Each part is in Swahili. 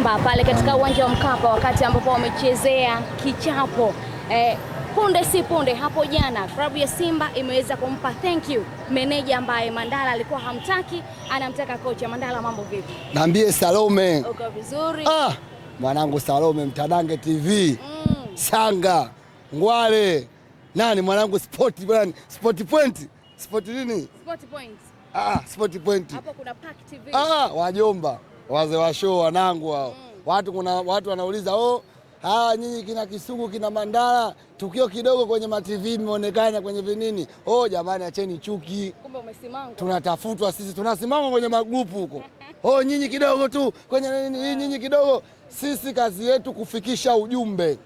Simba pale katika uwanja wa Mkapa wakati ambapo wamechezea kichapo eh, punde si punde hapo jana, klabu ya Simba imeweza kumpa thank you meneja ambaye Mandala alikuwa hamtaki, anamtaka kocha Mandala. Mambo vipi? Naambie Salome, uko vizuri? Ah, mwanangu Salome, Mtadange TV mm. Sanga Ngwale nani mwanangu, sport brand, sport point, sport nini, sport point, ah, sport point hapo kuna Pac TV, ah, wajomba wazee wa show wanangu hao. Mm. Watu kuna watu wanauliza oh, hawa nyinyi kina Kisugu kina Mandala, tukio kidogo kwenye matv imeonekana kwenye vinini. Oh jamani, acheni chuki, kumbe umesimama, tunatafutwa sisi, tunasimama kwenye magrupu huko oh, nyinyi kidogo tu kwenye nini, nyinyi kidogo. Sisi kazi yetu kufikisha ujumbe,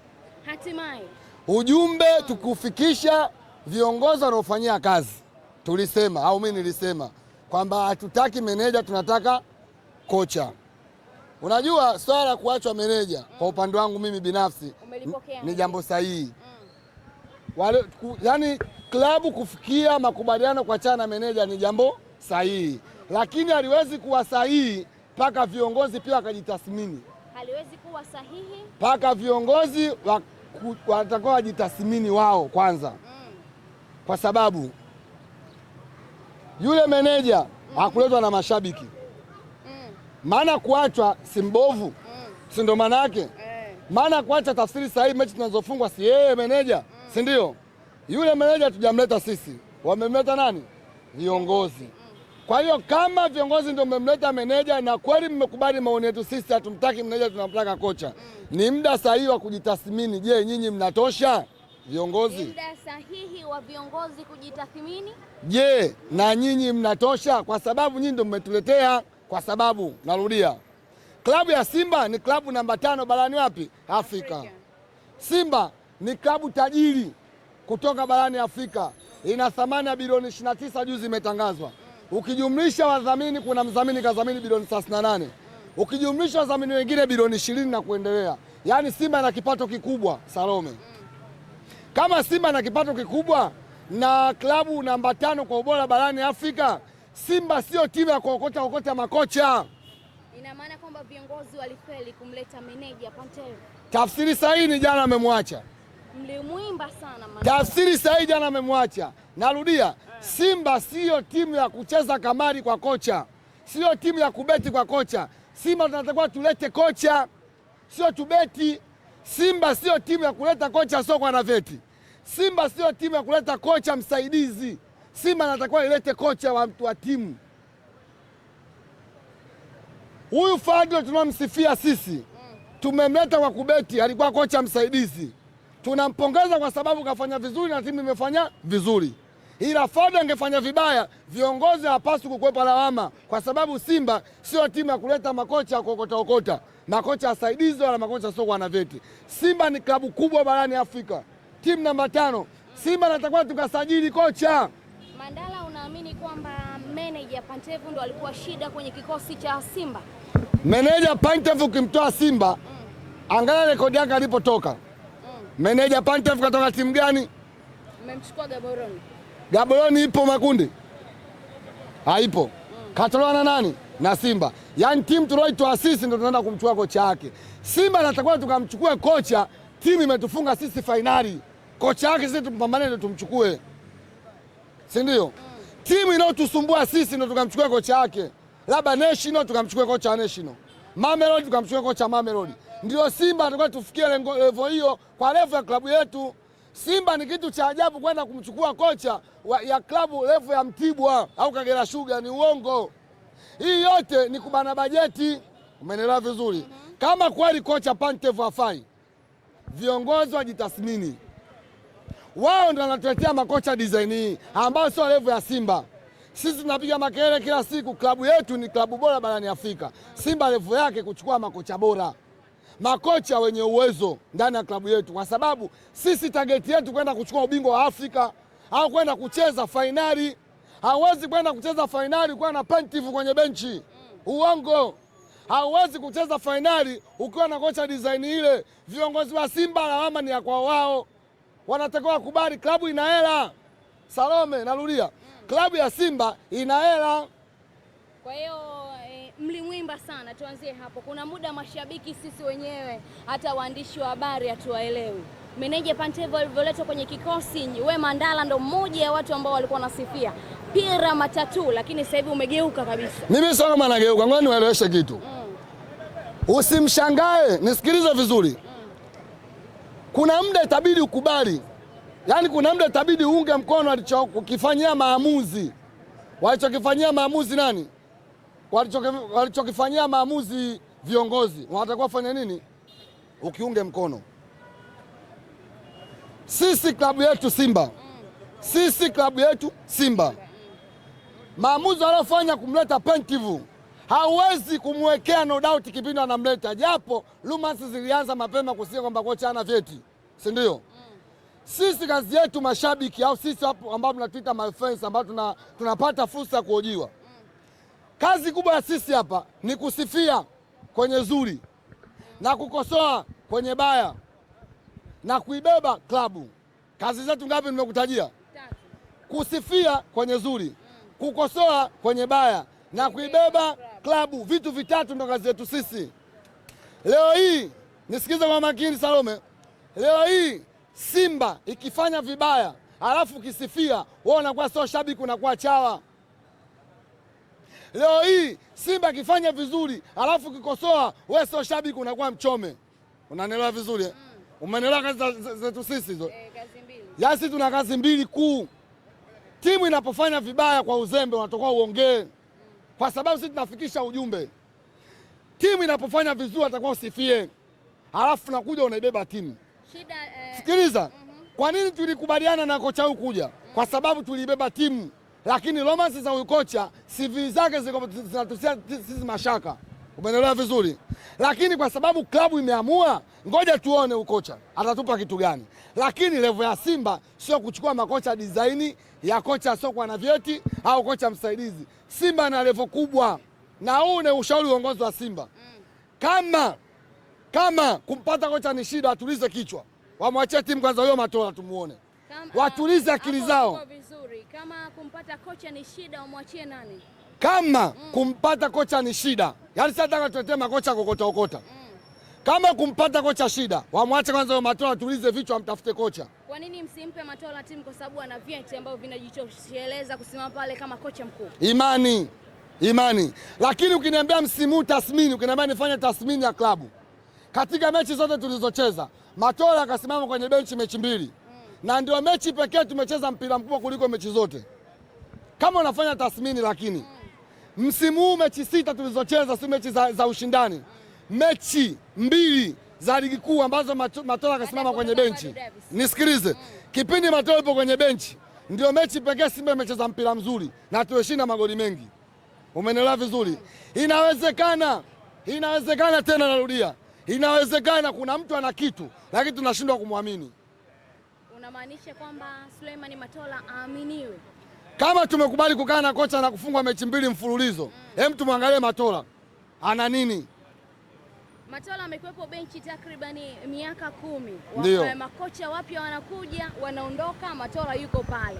hatimaye ujumbe hmm, tukufikisha viongozi wanaofanyia kazi. Tulisema au mimi nilisema kwamba hatutaki meneja, tunataka kocha. Unajua swala ya kuachwa meneja mm. kwa upande wangu mimi binafsi ni jambo sahihi mm. ku, yani klabu kufikia makubaliano kwa chana na meneja ni jambo sahihi mm. lakini haliwezi kuwa sahihi mpaka viongozi pia wakajitathmini. Haliwezi kuwa sahihi mpaka viongozi watakuwa wajitathmini wao kwanza mm. kwa sababu yule meneja mm. hakuletwa na mashabiki maana kuachwa si mbovu mm. si ndo maana yake eh. maana kuacha tafsiri sahihi, mechi tunazofungwa si yeye meneja mm. si ndio? Yule meneja tujamleta sisi, wamemleta nani? Viongozi mm. kwa hiyo kama viongozi ndio mmemleta meneja na kweli mmekubali maoni yetu sisi, hatumtaki meneja, tunamtaka kocha mm. ni muda sahihi wa kujitathmini. Je, nyinyi mnatosha viongozi? Muda sahihi wa viongozi kujitathmini. Je, na nyinyi mnatosha? Kwa sababu nyinyi ndio mmetuletea kwa sababu narudia, klabu ya Simba ni klabu namba tano barani wapi? Afrika. Simba ni klabu tajiri kutoka barani Afrika, ina thamani ya bilioni 29 juzi imetangazwa. Ukijumlisha wadhamini, kuna mdhamini kadhamini bilioni 38, ukijumlisha wadhamini wengine bilioni 20 na kuendelea. Yaani Simba ina kipato kikubwa Salome. Kama Simba ina kipato kikubwa na klabu namba tano kwa ubora barani Afrika Simba sio timu ya kuokota okota makocha. Ina maana kwamba viongozi walifeli kumleta meneja Pantev. Tafsiri sahihi ni jana amemwacha. Mlimwimba sana maana. Tafsiri sahihi jana amemwacha. Narudia, eh. Simba siyo timu ya kucheza kamari kwa kocha, siyo timu ya kubeti kwa kocha. Simba tunatakiwa tulete kocha, sio tubeti. Simba siyo timu ya kuleta kocha sokwa na veti. Simba siyo timu ya kuleta kocha msaidizi. Simba natakuwa ilete kocha wa mtu wa timu huyu Fadlo tunamsifia sisi, tumemleta kwa kubeti, alikuwa kocha msaidizi, tunampongeza kwa sababu kafanya vizuri na timu imefanya vizuri, ila Fadlo angefanya vibaya, viongozi hapaswi kukwepa lawama, kwa sababu Simba sio timu ya kuleta makocha kuokota okota, makocha wasaidizi wala makocha sio wana vyeti. Simba ni klabu kubwa barani Afrika, timu namba tano. Simba natakuwa tukasajili kocha Mandala, unaamini kwamba meneja Pantevu ndo alikuwa shida kwenye kikosi cha Simba? Meneja Pantevu ukimtoa Simba mm. angalia rekodi yake alipotoka mm. meneja Pantevu katoka timu gani? Mmemchukua Gaboroni. Gaboroni ipo makundi haipo mm. katolewa na nani? na Simba. Yaani timu tuloitoa sisi ndo tunaenda kumchukua kocha yake. Simba natakuwa tukamchukue kocha, timu imetufunga sisi fainali, kocha yake sisi tumpambane ndo tumchukue si ndio? Mm. Timu inayotusumbua sisi ndo tukamchukua kocha yake, labda national tukamchukua kocha wa national, Mamelodi tukamchukua kocha Mamelodi. Ndio Simba atakuwa tufikie levo hiyo kwa levo ya klabu yetu. Simba ni kitu cha ajabu kwenda kumchukua kocha wa, ya klabu levo ya Mtibwa au Kagera Sugar, ni uongo. Hii yote ni kubana bajeti, umeelewa vizuri? Mm-hmm. Kama kweli kocha Pantev hafai, viongozi wajitathmini wao ndio wanatuletea makocha design hii ambayo sio level ya Simba. Sisi tunapiga makelele kila siku, klabu yetu ni klabu bora barani Afrika. Simba level yake kuchukua makocha bora, makocha wenye uwezo ndani ya klabu yetu, kwa sababu sisi tageti yetu kwenda kuchukua ubingwa wa Afrika au kwenda kucheza fainali. Hauwezi kwenda kucheza fainali kuwa na pentivu kwenye benchi, uongo. Hauwezi kucheza fainali ukiwa na kocha design ile. Viongozi wa Simba lawama ni ya kwa wao wanatakiwa wakubali klabu ina hela. Salome, narudia, klabu ya Simba ina hela. Kwa hiyo e, mlimwimba sana, tuanzie hapo. Kuna muda mashabiki sisi wenyewe hata waandishi wa habari hatuwaelewi. Meneja Pantevo alivyoletwa kwenye kikosi, we Mandala ndo mmoja ya watu ambao walikuwa wanasifia pira matatu, lakini sasa hivi umegeuka kabisa. Mimi sio kama nageuka, ngoja niwaeleweshe kitu mm. Usimshangae, nisikilize vizuri kuna muda itabidi ukubali, yaani kuna muda itabidi uunge mkono alichokifanyia maamuzi, walichokifanyia maamuzi nani, walichokifanyia maamuzi viongozi, wanatakiwa fanya nini? Ukiunge mkono. Sisi klabu yetu Simba, sisi klabu yetu Simba, maamuzi waliofanya kumleta Pentivu hauwezi kumwekea no doubt kipindi anamleta, japo rumors zilianza mapema kusikia kwamba kocha ana vyeti, si ndio? Mm. Sisi kazi yetu mashabiki, au sisi hapo ambao tunatuita my friends, ambao tuna, tunapata fursa ya kuhojiwa mm. kazi kubwa ya sisi hapa ni kusifia kwenye zuri mm. na kukosoa kwenye baya na kuibeba klabu. Kazi zetu ngapi nimekutajia? Kusifia kwenye zuri, kukosoa kwenye baya na kuibeba klabu. Vitu vitatu ndo kazi yetu sisi. Leo hii nisikize kwa makini Salome, leo hii Simba ikifanya vibaya alafu ukisifia wewe unakuwa sio shabiki, unakuwa chawa. Leo hii Simba ikifanya vizuri alafu ukikosoa wewe sio shabiki, unakuwa mchome. Unanielewa vizuri eh? Mm. Umenielewa kazi zetu sisi hizo eh, kazi mbili. Yasi tuna kazi mbili kuu. Timu inapofanya vibaya kwa uzembe, unatoka uongee kwa sababu sisi tunafikisha ujumbe. Timu inapofanya vizuri atakuwa usifie, halafu nakuja unaibeba timu shida. Eh, sikiliza mm-hmm. Kwa nini tulikubaliana na kocha huyu kuja? Kwa sababu tuliibeba timu, lakini romance za huyu kocha CV zake zinatutia sisi mashaka, umeelewa vizuri, lakini kwa sababu klabu imeamua Ngoja tuone ukocha atatupa kitu gani, lakini levo ya Simba sio kuchukua makocha dizaini ya kocha asiokuwa na vyeti au kocha msaidizi. Simba na levo kubwa, na huu ni ushauri uongozi wa Simba. Kama kama kumpata kocha ni shida, watulize kichwa, wamwachie timu kwanza huyo Matola, tumuone watulize akili zao. Kama kumpata kocha ni shida, wamwachie nani? Kama mm. kumpata kocha ni shida, yani sasa nataka tuletee makocha kokota kokota mm. Kama kumpata kocha shida, wamwache kwanza Matola atulize vichwa, amtafute kocha. Kwa nini msimpe Matola timu? Kwa sababu ana vyeti ambavyo vinajitosheleza kusimama pale kama kocha mkuu. Imani, imani. Lakini ukiniambia msimu tathmini, ukiniambia nifanye tathmini ya klabu katika mechi zote tulizocheza, Matola akasimama kwenye benchi mechi mbili hmm. na ndio mechi pekee tumecheza mpira mkubwa kuliko mechi zote. Kama unafanya tathmini, lakini hmm. msimu huu mechi sita tulizocheza si mechi za, za ushindani mm mechi mbili za ligi kuu ambazo Matola akasimama kwenye benchi. Nisikilize mm. Kipindi Matola yupo kwenye benchi ndio mechi pekee Simba imecheza mpira mzuri na tumeshinda magoli mengi. Umenelewa vizuri? Inawezekana, inawezekana tena, narudia, inawezekana kuna mtu ana kitu, lakini tunashindwa kumwamini. Unamaanisha kwamba Suleiman Matola aaminiwe? Kama tumekubali kukaa na kocha na kufungwa mechi mbili mfululizo, mm. hem, mm. tumwangalie Matola ana nini Matola amekuwepo benchi takribani miaka kumi. Ndio. Makocha wapya wanakuja, wanaondoka, Matola yuko pale.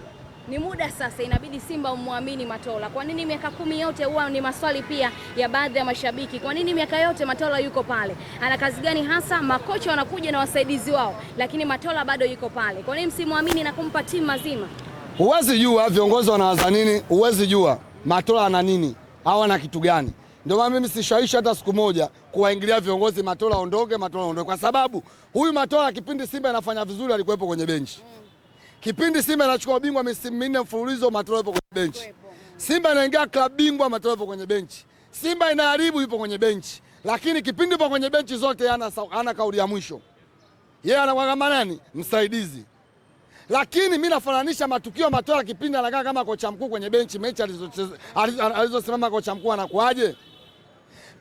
Ni muda sasa inabidi Simba umwamini Matola. Kwa nini miaka kumi yote? Huwa ni maswali pia ya baadhi ya mashabiki, kwa nini miaka yote Matola yuko pale? Ana kazi gani hasa? Makocha wanakuja na wasaidizi wao, lakini Matola bado yuko pale. Kwa nini msimwamini na kumpa timu mazima? Huwezi jua viongozi wanawaza nini, huwezi jua Matola ana nini au ana kitu gani. Ndio maana mimi sishawishi hata siku moja kuwaingilia viongozi Matola ondoke, Matola ondoke, kwa sababu huyu Matola kipindi Simba inafanya vizuri alikuwepo kwenye benchi. Kipindi Simba inachukua ubingwa misimu minne mfululizo, Matola yupo kwenye benchi. Simba inaingia klabu bingwa, Matola yupo kwenye benchi. Simba inaharibu, yupo kwenye benchi. Lakini kipindi yupo kwenye benchi zote ana ana kauli ya mwisho. Yeye anakuwa kama nani? Msaidizi. Lakini mimi nafananisha matukio ya Matola kipindi anakaa kama kocha mkuu kwenye benchi, mechi alizosimama kocha mkuu anakuaje?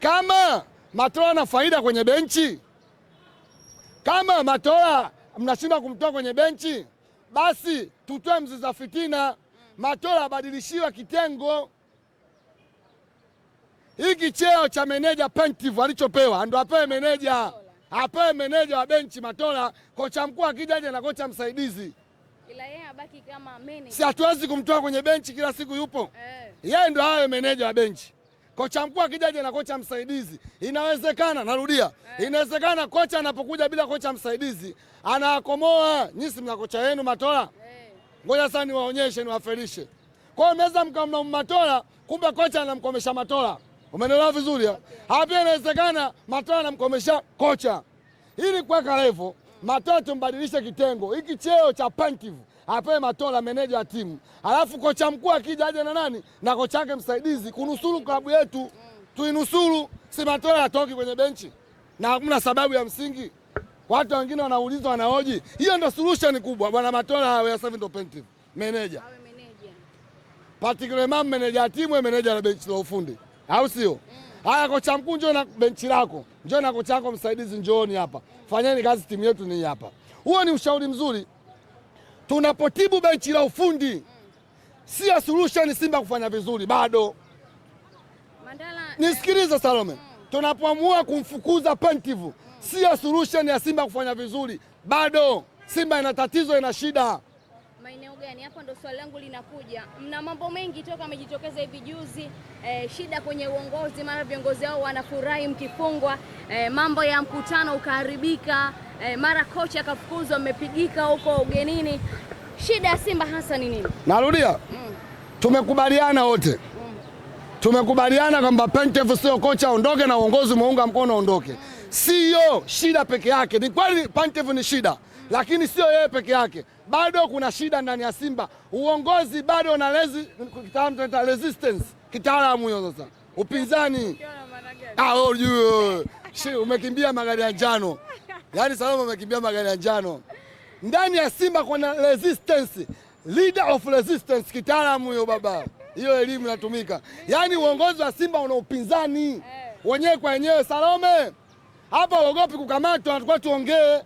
Kama Matola na faida kwenye benchi, kama Matola mnashindwa kumtoa kwenye benchi, basi tutoe mzizi za fitina. Matola abadilishiwa kitengo. Hiki cheo cha meneja pentive alichopewa ndo apewe meneja, apewe meneja wa benchi Matola. Kocha mkuu akija aje na kocha msaidizi Si hatuwezi kumtoa kwenye benchi, kila siku yupo eh. Yeye ndo awe meneja wa benchi kocha mkuu akijaje na kocha msaidizi, inawezekana, narudia, eh. inawezekana kocha anapokuja bila kocha msaidizi anaakomoa. Nyisi mna kocha wenu Matola, eh. ngoja sasa niwaonyeshe, niwafelishe. Kwa hiyo mnaweza mkamna Matola, kumbe kocha anamkomesha Matola. Umeelewa vizuri? Eh? Hapa inawezekana Matola anamkomesha kocha, ili kuweka level mm. Matola tumbadilishe kitengo hiki, cheo cha pankivu apewe Matola, meneja wa timu, alafu kocha mkuu akija aje na nani na kocha wake msaidizi, kunusuru klabu yetu. Tuinusuru, si Matola atoki kwenye benchi na hakuna sababu ya msingi. Watu wengine wanaulizwa wanaoji, Hiyo ndo solution kubwa, bwana Matola awe safi, ndo pentive meneja particular mam meneja ya timu, meneja la benchi la ufundi, au sio? Mm. Haya, kocha mkuu njoo na benchi lako, njoo na kocha wako msaidizi, njooni hapa, fanyeni kazi, timu yetu ni hapa. Huo ni ushauri mzuri tunapotibu benchi la ufundi si ya solution Simba kufanya vizuri bado. Nisikilize Salome, mm. tunapoamua kumfukuza si siyo solution ya Simba kufanya vizuri bado. Simba ina tatizo, ina shida maeneo gani? Hapo ndo swali langu linakuja. Mna mambo mengi toka amejitokeza hivi juzi eh, shida kwenye uongozi, mara viongozi wao wanafurahi mkifungwa, eh, mambo ya mkutano ukaharibika eh, mara kocha akafukuzwa, mmepigika huko ugenini. Shida ya Simba hasa ni nini? Narudia mm. Tumekubaliana wote mm. Tumekubaliana kwamba Pentef sio kocha, aondoke na uongozi umeunga mkono aondoke mm. Siyo shida peke yake, ni kweli Pentef ni shida, lakini sio yeye peke yake, bado kuna shida ndani ya Simba. Uongozi bado una resistance, kitaalamu hiyo sasa upinzani. Ah, oh, umekimbia magari ya njano. Yaani Salama amekimbia magari ya njano ndani ya Simba, kuna resistance, leader of resistance kitaalamu huyo baba. Hiyo elimu inatumika, yaani uongozi wa Simba una upinzani wenyewe kwa wenyewe. Salome hapa uogopi kukamatwa, atakuwa tuongee.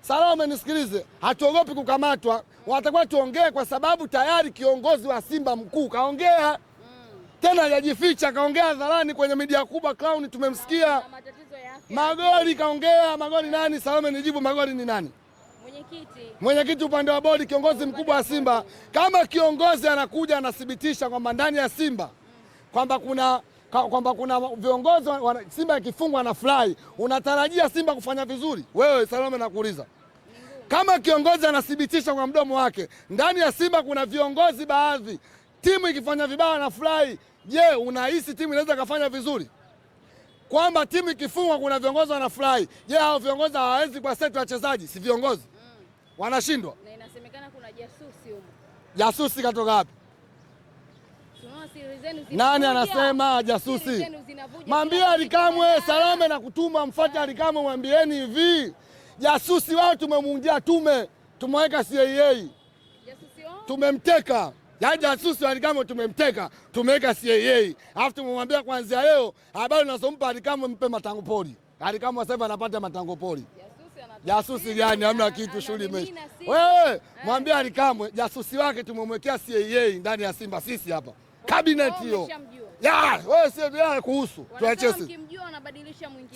Salome nisikilize, hatuogopi kukamatwa, watakuwa tuongee kwa sababu tayari kiongozi wa Simba mkuu kaongea tena hajajificha, kaongea hadharani kwenye media kubwa. Clown tumemsikia. Magoli kaongea Magoli nani? Salome nijibu, Magoli ni nani? Mwenyekiti, mwenyekiti upande wa bodi, kiongozi mkubwa wa Simba. Kama kiongozi anakuja anathibitisha kwamba ndani ya Simba kwamba kuna kwamba kuna viongozi Simba ikifungwa na furahi, unatarajia Simba kufanya vizuri? Wewe Salome, nakuuliza kama kiongozi anathibitisha kwa mdomo wake ndani ya Simba kuna viongozi baadhi, timu ikifanya vibaya na furahi, je, unahisi timu inaweza kafanya vizuri? kwamba timu ikifungwa kuna viongozi wanafurahi. Je, hao viongozi hawawezi kwa setu wachezaji? Si viongozi mm. wanashindwa. Na inasemekana kuna jasusi Jasusi katoka wapi? Nani anasema jasusi? Mwambie Alikamwe Salame na kutuma mfate Alikamwe, mwambieni hivi jasusi wao tumemuundia tume, tumeweka CIA tumemteka yaani jasusi Alikamwe tumemteka, tumeweka CAA, alafu tumemwambia kuanzia leo habari unazompa Alikamwe mpe matango poli Alikamwe sasa hivi anapata matango poli Jasusi gani? Hamna kitu, shughuli imeisha. Wewe mwambie Alikamwe jasusi wake tumemwekea CAA ndani ya Simba sisi hapa kabineti oh, oh, hiyo kuhusu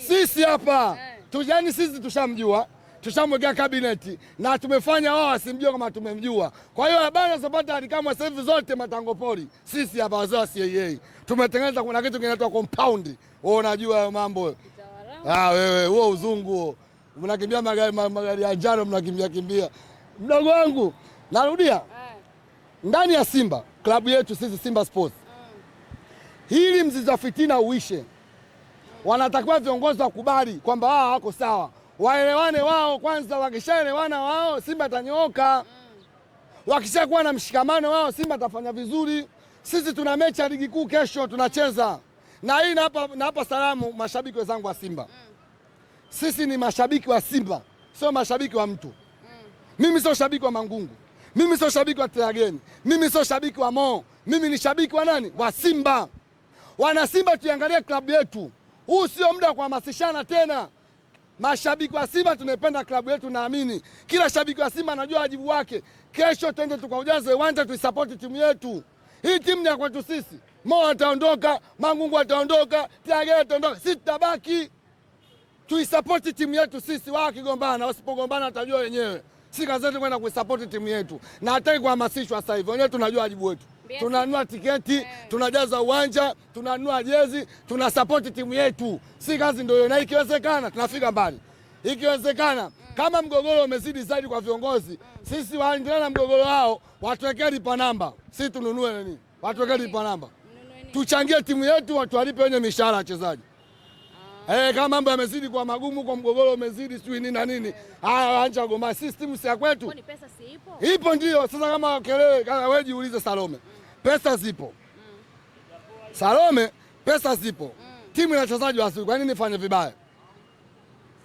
sisi hapa, eh. Tujani sisi tushamjua tushamwekea kabineti na tumefanya wao wasimjua kama tumemjua. Kwa hiyo habari asopata alikamwa sasa hivi zote matangopoli, sisi hapa wazee wa CAA tumetengeneza, kuna kitu kinaitwa compound. Wewe unajua hayo mambo ah, wewe huo uzungu huo, mnakimbia magari magari ya njano, mnakimbia kimbia. Mdogo wangu, narudia eh. ndani ya Simba klabu yetu sisi Simba Sports, mm. hili mzizi wa fitina uishe. Wanatakiwa viongozi wakubali kwamba wao wako sawa waelewane wao kwanza. Wakishaelewana wao, Simba tanyooka. Wakishakuwa na mshikamano wao, Simba tafanya vizuri. Sisi tuna mechi ya ligi kuu kesho tunacheza na hii napa, napa salamu mashabiki wenzangu wa Simba. Sisi ni mashabiki wa Simba, sio mashabiki wa mtu. Mimi sio shabiki wa Mangungu, mimi sio shabiki wa Teageni, mimi sio shabiki wa Mo, mimi ni shabiki wa nani? Wa Simba. Wana Simba, tuiangalie klabu yetu. Huu sio muda wa kuhamasishana tena. Mashabiki wa Simba tunaipenda klabu yetu, naamini kila shabiki wa Simba anajua wajibu wake. Kesho twende tukaujaze uwanja, tuisapoti timu yetu. Hii timu ni ya kwetu sisi. Mo ataondoka, Mangungu ataondoka, Tiage ataondoka, sisi tutabaki. Tuisapoti timu yetu sisi. Wao wakigombana, wasipogombana watajua wenyewe. Si kazi yetu kwenda kuisapoti timu yetu, na hataki kuhamasishwa sasa hivi. Wenyewe tunajua wajibu wetu tunanua tiketi yeah. Tunajaza uwanja, tunanua jezi, tunasapoti timu yetu. Si kazi ndio hiyo, na ikiwezekana tunafika mbali, ikiwezekana mm. Kama mgogoro umezidi zaidi kwa viongozi mm. Sisi waendelea na mgogoro wao, watuwekee lipa namba, si tununue nini, watuwekee lipa namba, tuchangie timu yetu, watuwalipe wenye mishahara wachezaji. Eh, kama mambo yamezidi kwa magumu kwa mgogoro umezidi sijui nini na nini. Haya acha goma system si ya kwetu. Kwani pesa si ipo? Ipo ndio. Sasa kama kelele kama wewe jiulize Salome. Pesa zipo. Salome pesa zipo. Mm. Timu ina wachezaji wazuri. Kwa nini nifanye vibaya?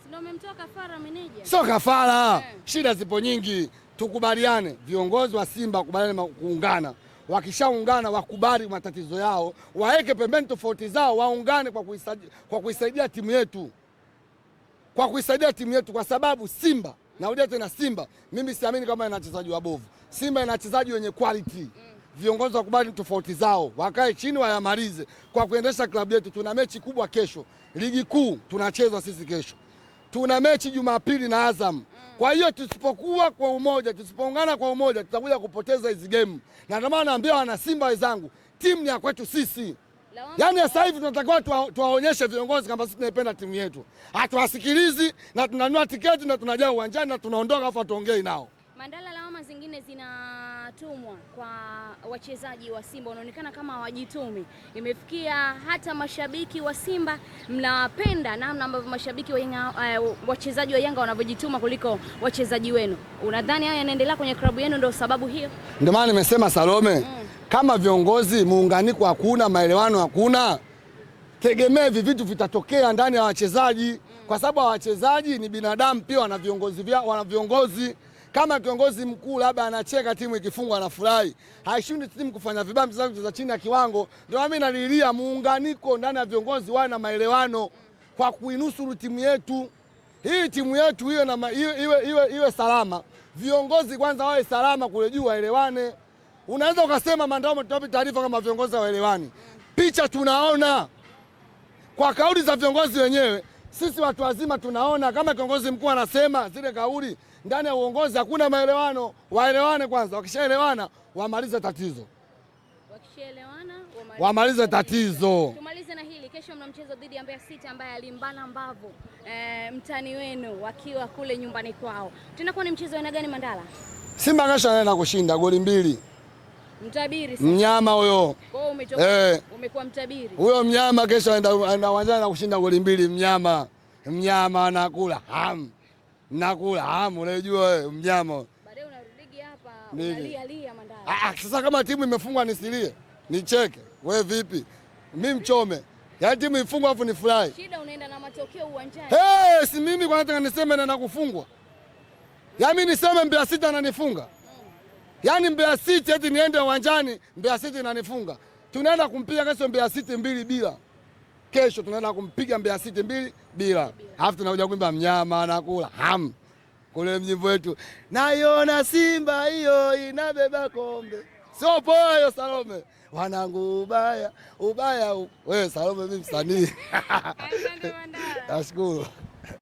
Sio umemtoka Fara meneja. Sio kafara. Yeah. Shida zipo nyingi. Tukubaliane viongozi wa Simba kubaliane kuungana wakishaungana wakubali matatizo yao, waweke pembeni tofauti zao, waungane kwa kuisaidia, kwa kuisaidia timu yetu, kwa kuisaidia timu yetu, kwa sababu Simba, narudia tena, Simba mimi siamini kama ina wachezaji wabovu. Simba ina wachezaji wenye quality. Viongozi wakubali tofauti zao, wakae chini wayamalize kwa kuendesha klabu yetu. Tuna mechi kubwa kesho, ligi kuu tunachezwa sisi kesho, tuna mechi Jumapili na Azam kwa hiyo tusipokuwa kwa umoja, tusipoungana kwa umoja, tutakuja kupoteza hizi game, na ndio maana naambia wana Simba wenzangu, timu ni ya kwetu sisi. Yaani sasa hivi tunatakiwa tuwaonyeshe viongozi kwamba sisi tunaipenda timu yetu, hatuwasikilizi na tunanua tiketi na tunajaa uwanjani na tunaondoka, afu hatuongei nao. Mandala, lawama zingine zinatumwa kwa wachezaji wa Simba, wanaonekana kama wajitumi Imefikia hata mashabiki wa Simba mnawapenda namna ambavyo mashabiki wa Yanga, uh, wachezaji wa Yanga wanavyojituma kuliko wachezaji wenu. Unadhani haya yanaendelea kwenye klabu yenu ndio sababu hiyo? Ndio maana nimesema Salome, mm. kama viongozi muunganiko hakuna, maelewano hakuna, tegemea hivi vitu vitatokea ndani ya wachezaji mm. kwa sababu wachezaji ni binadamu pia, wana viongozi, wana viongozi kama kiongozi mkuu labda anacheka timu ikifungwa anafurahi, haishindi timu kufanya vibaya, mchezaji za chini ya kiwango. Ndio mimi nalilia muunganiko ndani ya viongozi wao na maelewano kwa kuinusuru timu yetu hii, timu yetu iwe, na iwe, iwe, iwe, iwe salama. Viongozi kwanza wawe salama kule juu, waelewane. Unaweza ukasema Mandamo tuwapi taarifa kama viongozi waelewani, picha tunaona kwa kauli za viongozi wenyewe. Sisi watu wazima tunaona kama kiongozi mkuu anasema zile kauli ndani ya uongozi hakuna maelewano, waelewane kwanza. Wakishaelewana wamalize tatizo, wakishaelewana wamalize tatizo. Tumalize na hili, kesho mna mchezo dhidi ya Mbeya City ambaye alimbana mbavu e, mtani wenu wakiwa kule nyumbani kwao. Tunakuwa ni mchezo aina gani, Mandala? Simba kesho anaenda kushinda goli mbili. Mtabiri sasa. Mnyama huyo umetoka eh. umekuwa mtabiri huyo Mnyama kesho anaenda anaanza na kushinda goli mbili. Mnyama mnyama anakula ham nakula unajua ah, mnyama. Baadaye hapa unalia lia Mandala. Ah, ah, sasa kama timu imefungwa nisilie, nicheke we vipi? Mi mchome yaani timu ifungwa afu ni furahi. Shida unaenda na matokeo uwanjani. Hey, si mimi kwa nataka niseme na nakufungwa yaani mi niseme Mbeya City ananifunga yaani Mbeya City eti niende uwanjani Mbeya City nanifunga tunaenda kumpiga kesho Mbeya City mbili bila kesho tunaenda kumpiga Mbeya City mbili bila, alafu tunakuja kuimba mnyama anakula ham kule mjimbo wetu, naiona Simba hiyo inabeba kombe. Sio poa hiyo Salome, wanangu ubaya ubaya wewe Salome, mimi msanii nashukuru.